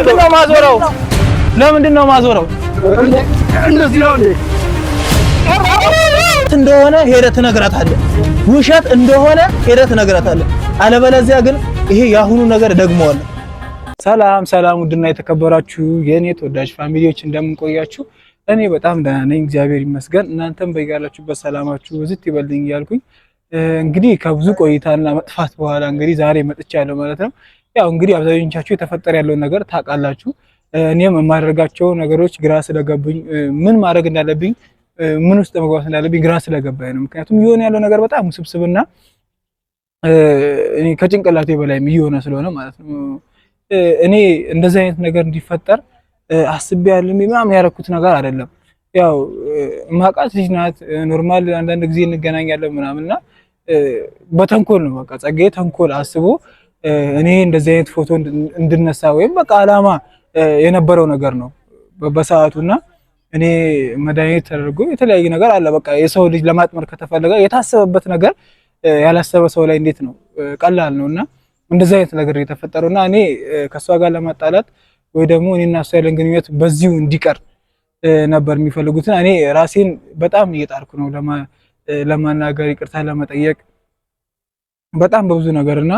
ለምንድነው ማዞረው? ማዞረው? እንደዚህ ነው እንዴ? እንደሆነ ሄደህ ትነግራታለህ። ውሸት እንደሆነ ሄደህ ትነግራታለህ። አለበለዚያ ግን ይሄ የአሁኑ ነገር ደግመዋለሁ። ሰላም ሰላም፣ ውድና የተከበራችሁ የእኔ ተወዳጅ ፋሚሊዎች እንደምንቆያችሁ፣ እኔ በጣም ደህና ነኝ፣ እግዚአብሔር ይመስገን። እናንተም በያላችሁበት ሰላማችሁ ዝት ይበልኝ እያልኩኝ እንግዲህ ከብዙ ቆይታና መጥፋት በኋላ እንግዲህ ዛሬ መጥቻለሁ ማለት ነው። ያው እንግዲህ አብዛኞቻችሁ የተፈጠረ ያለውን ነገር ታውቃላችሁ። እኔም የማደርጋቸው ነገሮች ግራ ስለገቡኝ ምን ማድረግ እንዳለብኝ ምን ውስጥ መግባት እንዳለብኝ ግራ ስለገባኝ ነው። ምክንያቱም እየሆነ ያለው ነገር በጣም ውስብስብና ከጭንቅላቴ በላይም እየሆነ ስለሆነ ማለት ነው። እኔ እንደዚህ አይነት ነገር እንዲፈጠር አስቤ ያለ ምናምን ያደረኩት ነገር አይደለም። ያው ማቃት ልጅ ናት ኖርማል፣ አንዳንድ ጊዜ እንገናኛለን ምናምንና በተንኮል ነው በቃ ጸጋዬ ተንኮል አስቦ እኔ እንደዚህ አይነት ፎቶ እንድነሳ ወይም በቃ አላማ የነበረው ነገር ነው በሰዓቱና እኔ መድኃኒት ተደርጎ የተለያየ ነገር አለ። በቃ የሰው ልጅ ለማጥመር ከተፈለገ የታሰበበት ነገር ያላሰበ ሰው ላይ እንዴት ነው ቀላል ነው። እና እንደዚህ አይነት ነገር የተፈጠረው እና እኔ ከእሷ ጋር ለማጣላት ወይ ደግሞ እኔና እሷ ያለን ግንኙነት በዚሁ እንዲቀር ነበር የሚፈልጉትን። እኔ ራሴን በጣም እየጣርኩ ነው ለማናገር፣ ይቅርታ ለመጠየቅ በጣም በብዙ ነገር እና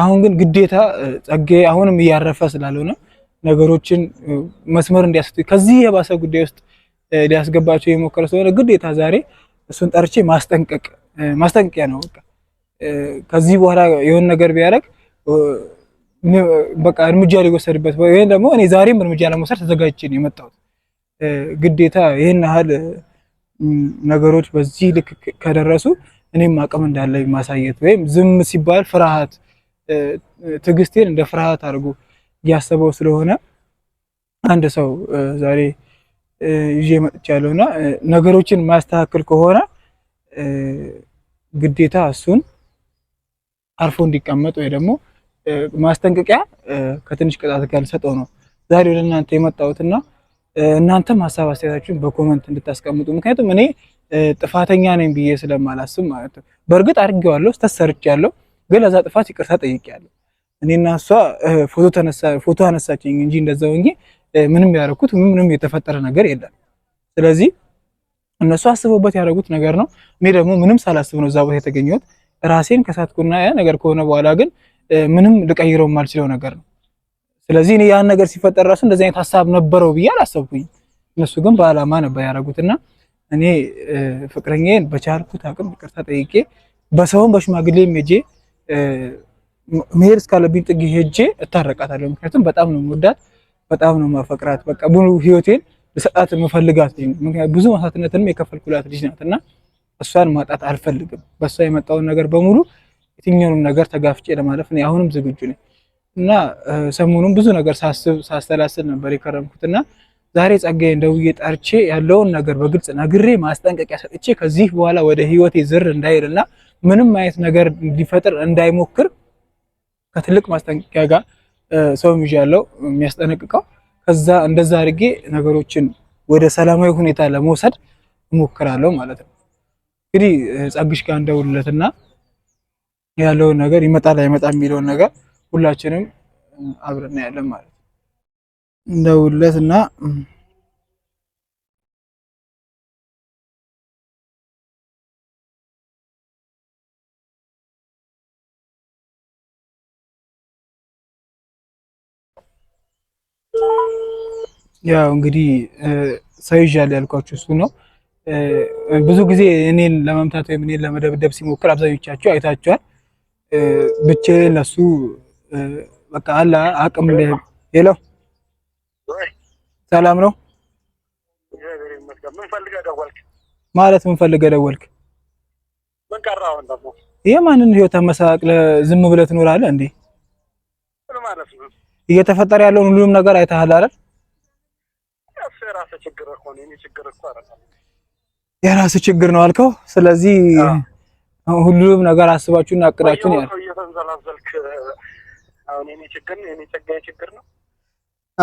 አሁን ግን ግዴታ ጸጌ አሁንም እያረፈ ስላልሆነ ነገሮችን መስመር እንዲያስ ከዚህ የባሰ ጉዳይ ውስጥ ሊያስገባቸው የሞከረ ስለሆነ ግዴታ ዛሬ እሱን ጠርቼ ማስጠንቀቅ ማስጠንቀቂያ ነው። በቃ ከዚህ በኋላ የሆነ ነገር ቢያደርግ በቃ እርምጃ ሊወሰድበት ወይም ደግሞ እኔ ዛሬም እርምጃ ለመውሰድ ተዘጋጅቼ ነው የመጣሁት። ግዴታ ይህን ያህል ነገሮች በዚህ ልክ ከደረሱ እኔም አቅም እንዳለኝ ማሳየት ወይም ዝም ሲባል ፍርሃት ትዕግስቴን እንደ ፍርሃት አድርጎ እያሰበው ስለሆነ አንድ ሰው ዛሬ ይዤ መጥቻለሁ እና ነገሮችን ማስተካከል ከሆነ ግዴታ እሱን አርፎ እንዲቀመጥ ወይ ደግሞ ማስጠንቀቂያ ከትንሽ ቅጣት ጋር ሰጠው ነው ዛሬ ወደ እናንተ እናንተም ሀሳብ አስተያየታችሁን በኮመንት እንድታስቀምጡ ምክንያቱም እኔ ጥፋተኛ ነኝ ብዬ ስለማላስብ ማለት ነው። በእርግጥ አድርጌዋለሁ፣ ያለው ግን ለዛ ጥፋት ይቅርታ ጠይቄያለሁ። እኔና እሷ ፎቶ ተነሳ ፎቶ አነሳችኝ እንጂ እንደዛው እንጂ ምንም ያደረኩት ምንም የተፈጠረ ነገር የለም። ስለዚህ እነሱ አስበውበት ያደረጉት ነገር ነው። እኔ ደግሞ ምንም ሳላስብ ነው እዛ ቦታ የተገኘሁት። ራሴን ከሳትኩና ያ ነገር ከሆነ በኋላ ግን ምንም ልቀይረው የማልችለው ነገር ነው። ስለዚህ እኔ ያን ነገር ሲፈጠር ራሱ እንደዚህ አይነት ሀሳብ ነበረው ብዬ አላሰብኩኝ። እነሱ ግን በአላማ ነበር ያደረጉትና እኔ ፍቅረኛዬን በቻልኩት አቅም ይቅርታ ጠይቄ በሰውን በሽማግሌም ሄጄ መሄድ እስካለብኝ ጥግ ሄጄ እታረቃታለሁ። ምክንያቱም በጣም ነው የምወዳት፣ በጣም ነው የማፈቅራት። በቃ ሙሉ ህይወቴን ልሰጣት የምፈልጋት ልጅ ነው። ምክንያቱም ብዙ መስዋዕትነትንም የከፈልኩላት ልጅ ናት እና እሷን ማጣት አልፈልግም። በእሷ የመጣውን ነገር በሙሉ የትኛውንም ነገር ተጋፍጬ ለማለፍ እኔ አሁንም ዝግጁ ነኝ እና ሰሞኑን ብዙ ነገር ሳስብ ሳስተላስል ነበር የከረምኩትና ዛሬ ጸጋዬን ደውዬ ጠርቼ ያለውን ነገር በግልጽ ነግሬ ማስጠንቀቂያ ሰጥቼ ከዚህ በኋላ ወደ ህይወቴ ዝር እንዳይልና ምንም አይነት ነገር እንዲፈጥር እንዳይሞክር ከትልቅ ማስጠንቀቂያ ጋር ሰው ያለው የሚያስጠነቅቀው። ከዛ እንደዛ አድርጌ ነገሮችን ወደ ሰላማዊ ሁኔታ ለመውሰድ እሞክራለሁ ማለት ነው። እንግዲህ ጸግሽ ጋር እንደውልለትና ያለውን ነገር ይመጣል አይመጣም የሚለውን ነገር ሁላችንም አብረን ያለን ማለት ነው። እንደውለት እና ያው እንግዲህ ሰይዣል ያልኳችሁ እሱ ነው። ብዙ ጊዜ እኔን ለመምታት ወይም እኔን ለመደብደብ ሲሞክር አብዛኞቻችሁ አይታችኋል። ብቻዬን ለሱ በቃ አላ አቅም የለው ሰላም ነው ማለት ምን ፈልገህ ደወልክ? የማንን ህይወት አመሳቅለህ ዝም ብለህ ትኖራለህ እንዴ? እየተፈጠረ ያለውን ሁሉም ነገር አይተሃል አይደል? የራስህ ችግር ነው አልከው። ስለዚህ ሁሉም ነገር አስባችሁና አቅዳችሁን ነው።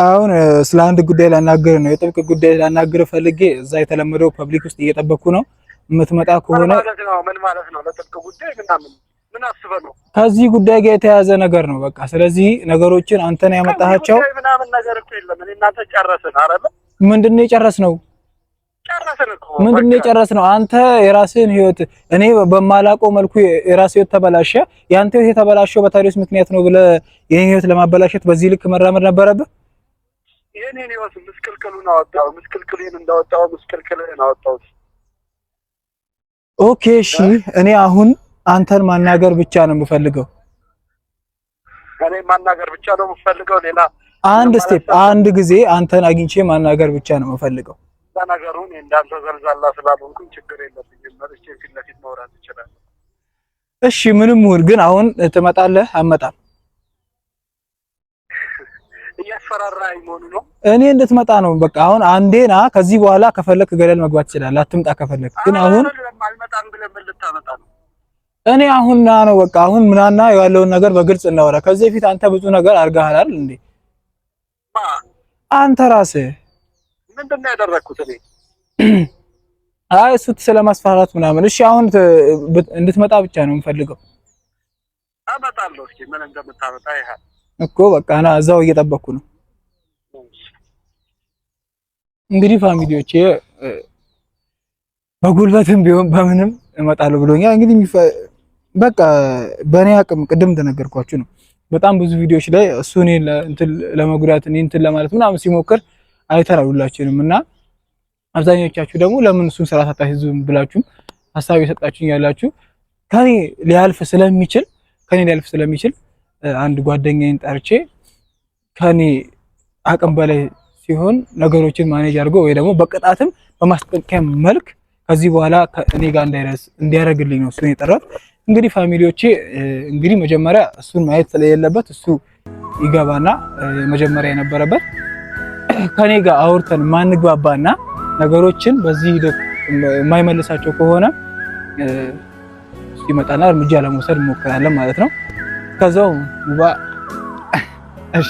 አሁን ስለ አንድ ጉዳይ ላናግርህ ነው፣ የጥብቅ ጉዳይ ላናግርህ ፈልጌ እዛ የተለመደው ፐብሊክ ውስጥ እየጠበቅኩ ነው። የምትመጣ ከሆነ ምን ማለት ነው? ለጥብቅ ጉዳይ ምን አስበህ ነው? ከዚህ ጉዳይ ጋር የተያዘ ነገር ነው። በቃ ስለዚህ ነገሮችን አንተን ያመጣሃቸው ምናምን ነገር እኮ የለም። እኔ እናንተ ጨረስን አይደል? ምንድን ነው የጨረስነው? ምንድን ነው የጨረስነው? አንተ የራስህን ህይወት እኔ በማላውቀው መልኩ የራስህ ህይወት ተበላሸ፣ ያንተ ህይወት የተበላሸው በታዲዮስ ምክንያት ነው ብለህ ይህን ህይወት ለማበላሸት በዚህ ልክ መራመድ ነበረብህ? ይህን ይህን ምስቅልቅሉን አወጣው ምስቅልቅሉን እንዳወጣው ምስቅልቅልን አወጣው። ኦኬ እሺ፣ እኔ አሁን አንተን ማናገር ብቻ ነው የምፈልገው። እኔ ማናገር ብቻ ነው የምፈልገው። ሌላ አንድ ስቴፕ አንድ ጊዜ አንተን አግኝቼ ማናገር ብቻ ነው የምፈልገው። ነገሩን እንዳንተ ዘልዛላ ስላልሆንኩኝ ችግር የለብኝም። መርቼ ፊት ለፊት መውራት ይችላል። እሺ ምንም ይሁን ግን አሁን ትመጣለህ? አመጣም ነው። እኔ እንድትመጣ ነው በቃ። አሁን አንዴ ና፣ ከዚህ በኋላ ከፈለክ ገደል መግባት ይችላል። አትምጣ ከፈለክ ግን፣ አሁን ነው? እኔ አሁን ና ነው በቃ። አሁን ምናና ያለውን ነገር በግልጽ እናወራ። ከዚህ በፊት አንተ ብዙ ነገር አድርገሃል አይደል እንዴ? አንተ ራስህ ምንድን ነው ያደረኩት እኔ? አይ እሱ ስለማስፈራራት ምናምን። እሺ አሁን እንድትመጣ ብቻ ነው የምፈልገው። አመጣለሁ። እስኪ ምን እንደምታመጣ ይሄ እኮ በቃ ና፣ እዛው እየጠበቅኩ ነው። እንግዲህ ፋሚሊዎች በጉልበትም ቢሆን በምንም እመጣለሁ ብሎኛል። እንግዲህ በቃ በእኔ አቅም ቅድም እንደነገርኳችሁ ነው። በጣም ብዙ ቪዲዮዎች ላይ እሱ እኔን ለመጉዳት እኔ እንትን ለማለት ምናምን ሲሞክር አይተራሉላችሁንም እና አብዛኞቻችሁ ደግሞ ለምን እሱን ስራ ሳታስይዙም ብላችሁም ሀሳብ የሰጣችሁኝ ያላችሁ ከኔ ሊያልፍ ስለሚችል ከኔ ሊያልፍ ስለሚችል አንድ ጓደኛዬን ጠርቼ ከኔ አቅም በላይ ሲሆን ነገሮችን ማኔጅ አድርጎ ወይ ደግሞ በቅጣትም በማስጠንቀቂያ መልክ ከዚህ በኋላ እኔ ጋር እንዳይደርስ እንዲያደርግልኝ ነው እሱን የጠራት። እንግዲህ ፋሚሊዎቼ እንግዲህ መጀመሪያ እሱን ማየት ስለሌለበት እሱ ይገባና መጀመሪያ የነበረበት ከኔ ጋር አውርተን ማንግባባና ነገሮችን በዚህ ሂደት የማይመልሳቸው ከሆነ ይመጣና እርምጃ ለመውሰድ እንሞክራለን ማለት ነው። ከዛው ሙባ እሺ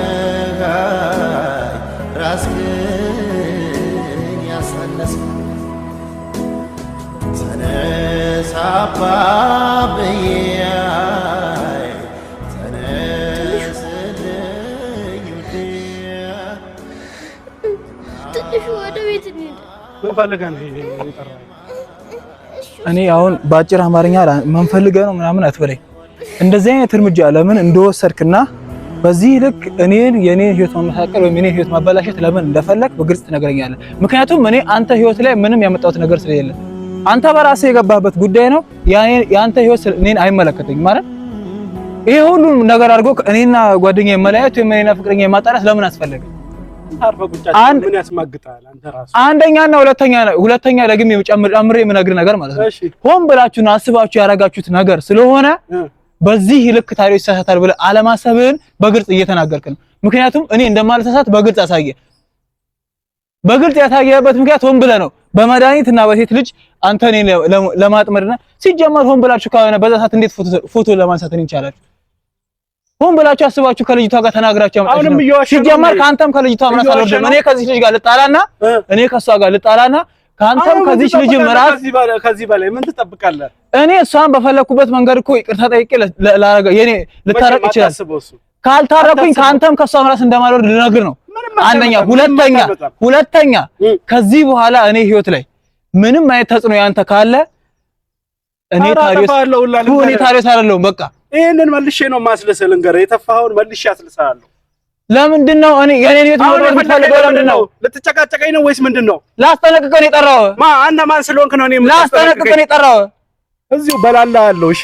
አባ እኔ አሁን በአጭር አማርኛ መንፈልገ ነው ምናምን አትበለኝ። እንደዚህ አይነት እርምጃ ለምን እንደወሰድክና በዚህ ልክ እኔን የኔን ህይወት ማመሳቀል ወይም የኔን ህይወት ማበላሸት ለምን እንደፈለግ በግልጽ ትነግረኛለህ። ምክንያቱም እኔ አንተ ህይወት ላይ ምንም ያመጣሁት ነገር ስለሌለ አንተ በራስህ የገባህበት ጉዳይ ነው። የአንተ ህይወት እኔን አይመለከተኝም ማለት ይሄ ሁሉ ነገር አድርጎ እኔና ጓደኛዬ መለያየት ወይም እኔና ፍቅረኛ ማጣላት ለምን አስፈለገ? አንደኛና ሁለተኛ ሁለተኛ ደግሞ ጨምሬ የምነግርህ ነገር ማለት ነው ሆን ብላችሁና አስባችሁ ያደረጋችሁት ነገር ስለሆነ በዚህ ልክ ሰሳታል ይሳሳታል ብለህ አለማሰብህን በግልጽ እየተናገርክ ነው። ምክንያቱም እኔ እንደማልሳሳት በግልጽ አሳየ በግልጽ ያሳየበት ምክንያት ሆን ብለህ ነው። በመድኃኒት እና በሴት ልጅ አንተ እኔን ለማጥመድና ሲጀመር ሆን ብላችሁ ካልሆነ በዛ ሰዓት እንዴት ፎቶ ለማንሳት እኔን ቻላችሁ? ሆን ብላችሁ አስባችሁ ከልጅቷ ጋር ተናግራችሁ ሲጀመር ከአንተም ከልጅቷ ምን አሳልፈን እኔ ከዚህ ልጅ ጋር ልጣላና እኔ ከሷ ጋር ልጣላና ከአንተም ከዚህ ልጅ ምራት ከዚህ በላይ ምን ትጠብቃለህ? እኔ እሷን በፈለኩበት መንገድ እኮ ይቅርታ ጠይቄ ልታረቅ ይችላል። ካልታረኩኝ ከአንተም ከሷ ምራት እንደማልወርድ ልነግር ነው አንደኛ። ሁለተኛ ሁለተኛ ከዚህ በኋላ እኔ ህይወት ላይ ምንም አይነት ተጽዕኖ ያንተ ካለ እኔ ታሪስ ታሪዮስ እኔ ታሪስ አይደለሁም። በቃ ይሄንን መልሼ ነው ማስለሰ ልንገርህ፣ የተፋኸውን መልሼ አስልስሃለሁ። ለምንድን ነው እኔ የኔን ህይወት ነው የምትፈልገው? ለምንድን ነው ልትጨቃጨቀኝ ነው ወይስ ምንድን ነው? ላስጠነቅቅህ ነው የጠራሁህ። ማን እና ማን ስለሆንክ ነው እኔ ላስጠነቅቅህ ነው የጠራሁህ። እዚሁ በላላ አለው። እሺ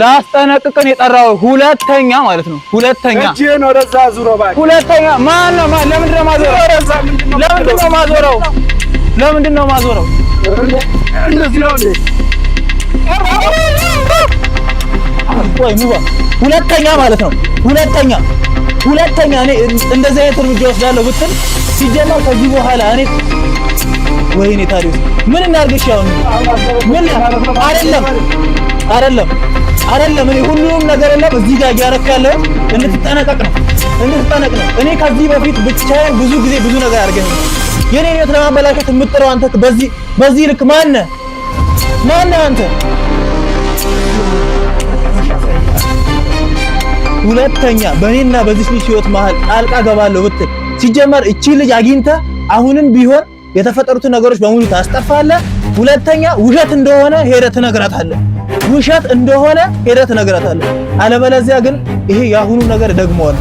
ላስጠነቅቅን የጠራው ሁለተኛ ማለት ነው። ሁለተኛ እጄን ወደዛ ዙሮ ባክ ሁለተኛ ማን ነው? ማን ለምንድን ነው ማዞረው? ለምንድን ነው ማዞረው? ለምንድን ነው ማዞረው? እንደዚህ ሙባ ሁለተኛ ማለት ነው። ሁለተኛ ሁለተኛ እኔ እንደዚህ አይነት እርምጃ ወስዳለሁ ብትል ሲጀመር ከዚህ በኋላ እኔ ወይኔ ታዲያ ምን እናድርግሽ? ያው ምን አይደለም አይደለም አይደለም እኔ ሁሉም ነገር የለም እዚህ ጋር ያረካለሁ። እንድትጠነቀቅ ነው እንድትጠነቅ ነው። እኔ ከዚህ በፊት ብቻዬን ብዙ ጊዜ ብዙ ነገር አድርገን የኔ ህይወት ለማበላሸት የምጥረው አንተ በዚህ በዚህ ልክ ማነህ ማነህ አንተ? ሁለተኛ በእኔና በዚህ ልጅ ህይወት መሀል ጣልቃ ገባለሁ ብትል ሲጀመር እቺ ልጅ አግኝተህ አሁንም ቢሆን የተፈጠሩትን ነገሮች በሙሉ ታስጠፋለህ። ሁለተኛ ውሸት እንደሆነ ሄደህ ትነግራታለህ። ውሸት እንደሆነ ሄደህ ትነግራታለህ። አለበለዚያ ግን ይሄ የአሁኑ ነገር ደግሞሆነ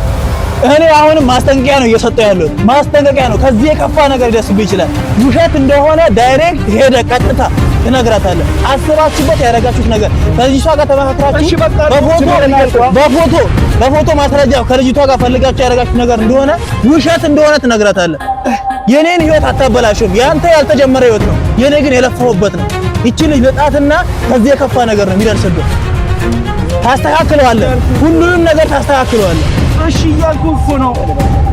እኔ አሁንም ማስጠንቀቂያ ነው እየሰጠሁ ያለሁት፣ ማስጠንቀቂያ ነው። ከዚህ የከፋ ነገር ሊደርስብህ ይችላል። ውሸት እንደሆነ ዳይሬክት ሄደህ ቀጥታ እነግራታለሁ። አስባችሁበት ያደረጋችሁት ነገር ከልጅቷ ጋር ተመካክራችሁ በፎቶ በፎቶ ማስረጃ ከልጅቷ ጋር ፈልጋችሁ ያደረጋችሁት ነገር እንደሆነ ውሸት እንደሆነ ትነግራታለህ። የኔን ህይወት አታበላሽም። ያንተ ያልተጀመረ ህይወት ነው፣ የኔ ግን የለፋሁበት ነው። ይቺ ልጅ ልጣትና ከዚህ የከፋ ነገር ነው የሚደርስብህ። ታስተካክለዋለህ፣ ሁሉንም ነገር ታስተካክለዋለህ። እሺ እያልኩህ እኮ ነው